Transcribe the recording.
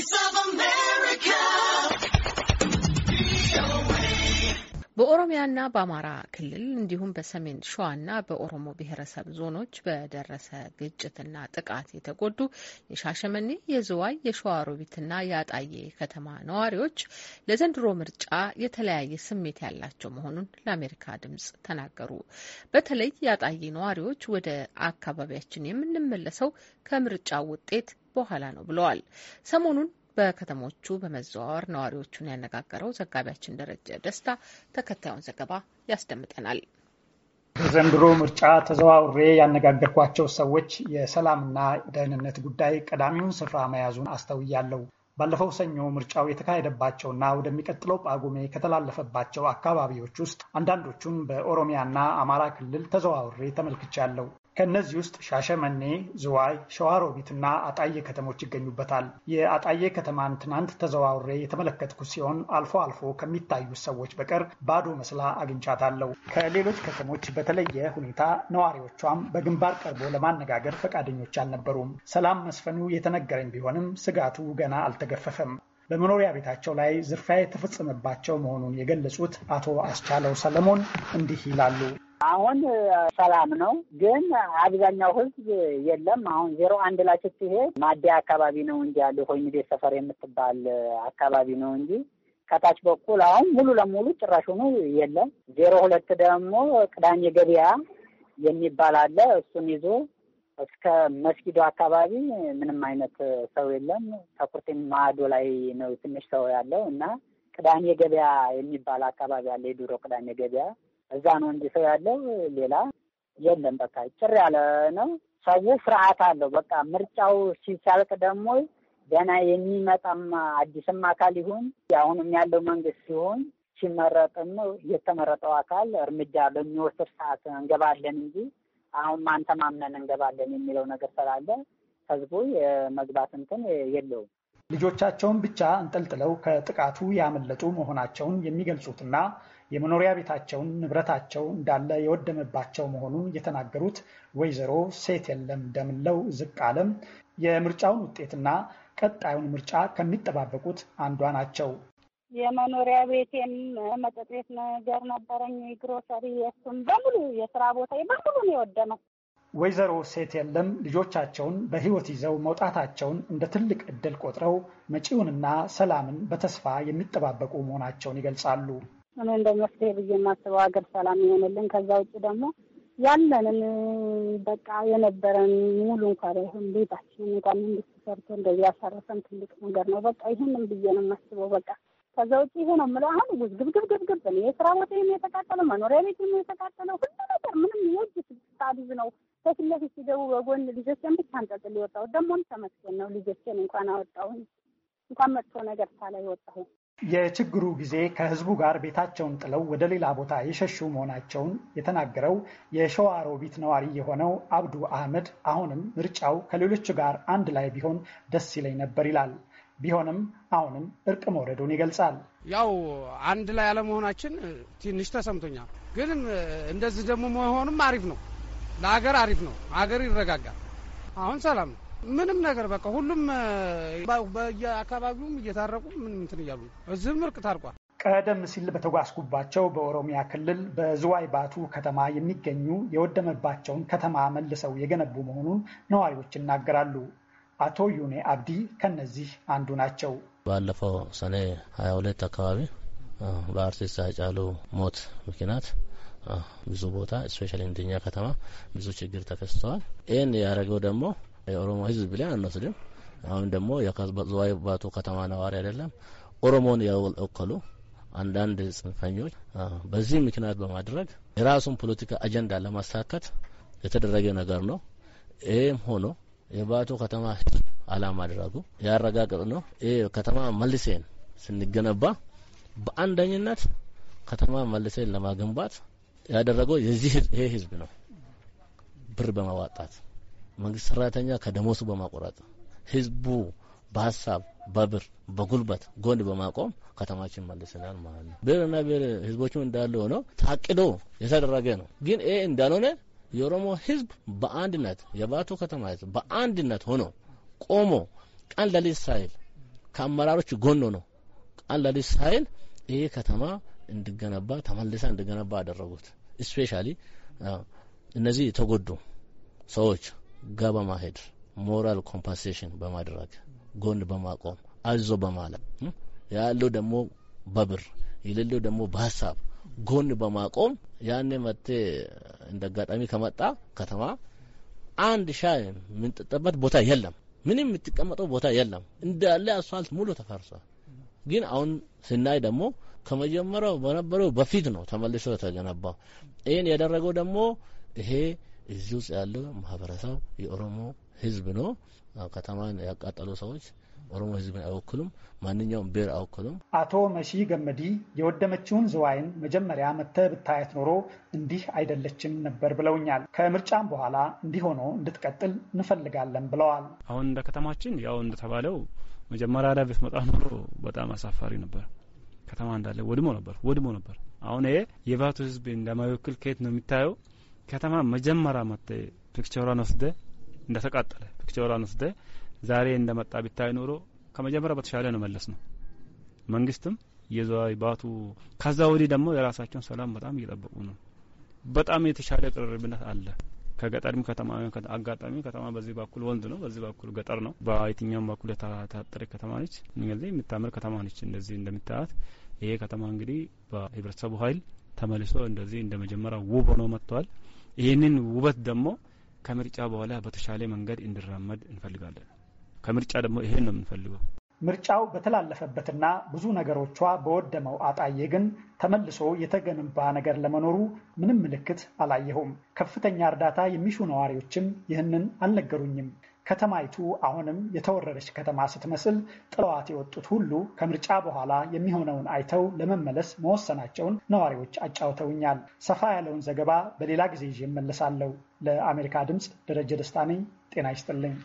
voice of America. በኦሮሚያና በአማራ ክልል እንዲሁም በሰሜን ሸዋና በኦሮሞ ብሔረሰብ ዞኖች በደረሰ ግጭትና ጥቃት የተጎዱ የሻሸመኔ፣ የዝዋይ፣ የሸዋሮቢትና የአጣዬ ከተማ ነዋሪዎች ለዘንድሮ ምርጫ የተለያየ ስሜት ያላቸው መሆኑን ለአሜሪካ ድምጽ ተናገሩ። በተለይ የአጣዬ ነዋሪዎች ወደ አካባቢያችን የምንመለሰው ከምርጫ ውጤት በኋላ ነው ብለዋል። ሰሞኑን በከተሞቹ በመዘዋወር ነዋሪዎቹን ያነጋገረው ዘጋቢያችን ደረጀ ደስታ ተከታዩን ዘገባ ያስደምጠናል። ዘንድሮ ምርጫ ተዘዋውሬ ያነጋገርኳቸው ሰዎች የሰላምና ደህንነት ጉዳይ ቀዳሚውን ስፍራ መያዙን አስተውያለሁ። ባለፈው ሰኞ ምርጫው የተካሄደባቸውና ወደሚቀጥለው ጳጉሜ ከተላለፈባቸው አካባቢዎች ውስጥ አንዳንዶቹን በኦሮሚያና አማራ ክልል ተዘዋውሬ ተመልክቻለሁ። ከእነዚህ ውስጥ ሻሸመኔ፣ ዝዋይ፣ ሸዋሮቢት እና አጣዬ ከተሞች ይገኙበታል። የአጣዬ ከተማን ትናንት ተዘዋውሬ የተመለከትኩ ሲሆን አልፎ አልፎ ከሚታዩት ሰዎች በቀር ባዶ መስላ አግኝቻታለሁ። ከሌሎች ከተሞች በተለየ ሁኔታ ነዋሪዎቿም በግንባር ቀርቦ ለማነጋገር ፈቃደኞች አልነበሩም። ሰላም መስፈኑ የተነገረኝ ቢሆንም ስጋቱ ገና አልተገፈፈም። በመኖሪያ ቤታቸው ላይ ዝርፊያ የተፈጸመባቸው መሆኑን የገለጹት አቶ አስቻለው ሰለሞን እንዲህ ይላሉ። አሁን ሰላም ነው፣ ግን አብዛኛው ህዝብ የለም። አሁን ዜሮ አንድ ላይ ስትሄድ ማዲያ አካባቢ ነው እንጂ ያለው ሆይን ቤት ሰፈር የምትባል አካባቢ ነው እንጂ ከታች በኩል አሁን ሙሉ ለሙሉ ጭራሽ ሆኖ የለም። ዜሮ ሁለት ደግሞ ቅዳሜ ገበያ የሚባል አለ። እሱን ይዞ እስከ መስጊዱ አካባቢ ምንም አይነት ሰው የለም። ተኩርቴም ማዶ ላይ ነው ትንሽ ሰው ያለው እና ቅዳሜ ገበያ የሚባል አካባቢ አለ፣ የድሮ ቅዳሜ ገበያ እዛ ነው እንጂ ሰው ያለው ሌላ የለም። በቃ ጭር ያለ ነው። ሰው ፍርሃት አለው። በቃ ምርጫው ሲሳልቅ ደግሞ ገና የሚመጣም አዲስም አካል ይሁን አሁንም ያለው መንግስት ሲሆን ሲመረጥም የተመረጠው አካል እርምጃ በሚወስድ ሰዓት እንገባለን እንጂ አሁን ማን ተማምነን እንገባለን የሚለው ነገር ስላለ ህዝቡ የመግባት እንትን የለውም። ልጆቻቸውን ብቻ እንጠልጥለው ከጥቃቱ ያመለጡ መሆናቸውን የሚገልጹትና የመኖሪያ ቤታቸውን ንብረታቸው እንዳለ የወደመባቸው መሆኑን የተናገሩት ወይዘሮ ሴት የለም ደምለው ዝቅ አለም የምርጫውን ውጤትና ቀጣዩን ምርጫ ከሚጠባበቁት አንዷ ናቸው። የመኖሪያ ቤቴም መጠጥ ቤት ነገር ነበረኝ፣ ግሮሰሪ፣ የሱም በሙሉ የስራ ቦታ በሙሉ ነው የወደመው። ወይዘሮ ሴት የለም ልጆቻቸውን በህይወት ይዘው መውጣታቸውን እንደ ትልቅ እድል ቆጥረው መጪውንና ሰላምን በተስፋ የሚጠባበቁ መሆናቸውን ይገልጻሉ። እኔ እንደ መፍትሄ ብዬ የማስበው ሀገር ሰላም ይሆንልን። ከዛ ውጭ ደግሞ ያለንን በቃ የነበረን ሙሉ እንኳን ይሁን ቤታችን እንኳን እንድትሰርቶ እንደዚህ ያሰረሰን ትልቅ ነገር ነው። በቃ ይህንም ብዬ ነው የማስበው በቃ ከዛ ውጭ ይሄ ነው የምለው። አሁን ውዝግብግብግብግብ ነው። የስራ ቦታ የተቃጠለው መኖሪያ ቤት የተቃጠለው ሁሉ ነገር ምንም የእጅ ስታዲዝ ነው። ከፊት ለፊት ሲገቡ በጎን ልጆችን ብቻ አንጠጥል ወጣሁ። ደግሞም ተመስገን ነው ልጆችን እንኳን አወጣሁኝ እንኳን መጥፎ ነገር ሳላይ ወጣሁ። የችግሩ ጊዜ ከህዝቡ ጋር ቤታቸውን ጥለው ወደ ሌላ ቦታ የሸሹ መሆናቸውን የተናገረው የሸዋ ሮቢት ነዋሪ የሆነው አብዱ አህመድ አሁንም ምርጫው ከሌሎቹ ጋር አንድ ላይ ቢሆን ደስ ይለኝ ነበር ይላል። ቢሆንም አሁንም እርቅ መውረዱን ይገልጻል። ያው አንድ ላይ ያለመሆናችን ትንሽ ተሰምቶኛል። ግን እንደዚህ ደግሞ መሆኑም አሪፍ ነው፣ ለሀገር አሪፍ ነው። ሀገር ይረጋጋል። አሁን ሰላም ነው። ምንም ነገር በቃ ሁሉም በየአካባቢውም እየታረቁ ምንም እንትን እያሉ እዚህም እርቅ ታርቋል። ቀደም ሲል በተጓዝኩባቸው በኦሮሚያ ክልል በዝዋይ ባቱ ከተማ የሚገኙ የወደመባቸውን ከተማ መልሰው የገነቡ መሆኑን ነዋሪዎች ይናገራሉ። አቶ ዩኔ አብዲ ከነዚህ አንዱ ናቸው። ባለፈው ሰኔ 22 አካባቢ በአርቲስት ሃጫሉ ሞት ምክንያት ብዙ ቦታ ስፔሻሊ እንደኛ ከተማ ብዙ ችግር ተከስተዋል። ይህን ያደረገው ደግሞ የኦሮሞ ህዝብ ብለን አንወስድም። አሁን ደግሞ የዝዋይ ባቱ ከተማ ነዋሪ አይደለም ኦሮሞን ያወከሉ አንዳንድ ጽንፈኞች በዚህ ምክንያት በማድረግ የራሱን ፖለቲካ አጀንዳ ለማሳካት የተደረገ ነገር ነው። ይህም ሆኖ የባቱ ከተማ አላማ አደረጉ። ያረጋግጥ ነው ይህ ከተማ መልሴን ስንገነባ በአንደኝነት ከተማ መልሴን ለማገንባት ያደረገው የዚህ ይሄ ህዝብ ነው። ብር በማዋጣት መንግስት ሰራተኛ ከደሞሱ በማቆረጥ ህዝቡ በሀሳብ በብር በጉልበት ጎን በማቆም ከተማችን መልሰናል ማለት ነው። ብሔርና ብሔር ህዝቦቹ እንዳለ ሆነው ታቅዶ የተደረገ ነው። ግን ይሄ እንዳልሆነ የኦሮሞ ህዝብ በአንድነት የባቱ ከተማ ህዝብ በአንድነት ሆኖ ቆሞ ቀን ለሊት ሳይል ከአመራሮች ጎን ሆኖ ቀን ለሊት ሳይል ይህ ከተማ እንዲገነባ ተመልሳ እንድገነባ አደረጉት። ስፔሻሊ እነዚህ የተጎዱ ሰዎች ጋ በማሄድ ሞራል ኮምፐንሴሽን በማድረግ ጎን በማቆም አዞ በማለት ያለው ደግሞ በብር የሌለው ደግሞ በሀሳብ ጎን በማቆም ያኔ መቴ እንደ አጋጣሚ ከመጣ ከተማ አንድ ሻይ የምንጠጣበት ቦታ የለም። ምንም የምትቀመጠው ቦታ የለም። እንዳለ አስፋልት ሙሉ ተፈርሷል። ግን አሁን ስናይ ደግሞ ከመጀመሪያው በነበረው በፊት ነው ተመልሶ የተገነባው። ይህን ያደረገው ደግሞ ይሄ እዚህ ውስጥ ያለው ማህበረሰብ የኦሮሞ ህዝብ ነው። ከተማን ያቃጠሉ ሰዎች ኦሮሞ ህዝብን አይወክሉም፣ ማንኛውም ብሔር አይወክሉም። አቶ መሺ ገመዲ የወደመችውን ዝዋይን መጀመሪያ መተ ብታያት ኖሮ እንዲህ አይደለችም ነበር ብለውኛል። ከምርጫም በኋላ እንዲህ ሆኖ እንድትቀጥል እንፈልጋለን ብለዋል። አሁን እንደ ከተማችን ያው እንደተባለው መጀመሪያ ላይ ቤት መጣ ኖሮ በጣም አሳፋሪ ነበር። ከተማ እንዳለ ወድሞ ነበር ወድሞ ነበር። አሁን ይሄ የባቱ ህዝብ እንደማይወክል ከየት ነው የሚታየው? ከተማ መጀመሪያ መተ ፒክቸሯን ወስደ እንደተቃጠለ ፒክቸሯን ወስደ ዛሬ እንደመጣ ቢታይ ኖሮ ከመጀመሪያ በተሻለ ነው መለስ ነው። መንግስትም ባቱ ከዛ ወዲህ ደግሞ የራሳቸውን ሰላም በጣም እየጠበቁ ነው። በጣም የተሻለ ቅርርብነት አለ። ከገጠርም ከተማ አጋጣሚ ከተማ በዚህ በኩል ወንዝ ነው፣ በዚህ በኩል ገጠር ነው። በየትኛውም በኩል የታጠረ ከተማ ነች። እንግዲህ የምታምር ከተማ ነች። እንደዚህ እንደምታያት ይሄ ከተማ እንግዲህ በህብረተሰቡ ኃይል ተመልሶ እንደዚህ እንደ መጀመሪያ ውብ ሆኖ መጥተዋል። ይህንን ውበት ደግሞ ከምርጫ በኋላ በተሻለ መንገድ እንዲራመድ እንፈልጋለን። ከምርጫ ደግሞ ይሄን ነው የምንፈልገው። ምርጫው በተላለፈበትና ብዙ ነገሮቿ በወደመው አጣዬ ግን ተመልሶ የተገነባ ነገር ለመኖሩ ምንም ምልክት አላየሁም። ከፍተኛ እርዳታ የሚሹ ነዋሪዎችም ይህንን አልነገሩኝም። ከተማይቱ አሁንም የተወረረች ከተማ ስትመስል ጥለዋት የወጡት ሁሉ ከምርጫ በኋላ የሚሆነውን አይተው ለመመለስ መወሰናቸውን ነዋሪዎች አጫውተውኛል። ሰፋ ያለውን ዘገባ በሌላ ጊዜ ይዤ እመለሳለሁ። ለአሜሪካ ድምፅ ደረጀ ደስታ ነኝ። ጤና ይስጥልኝ።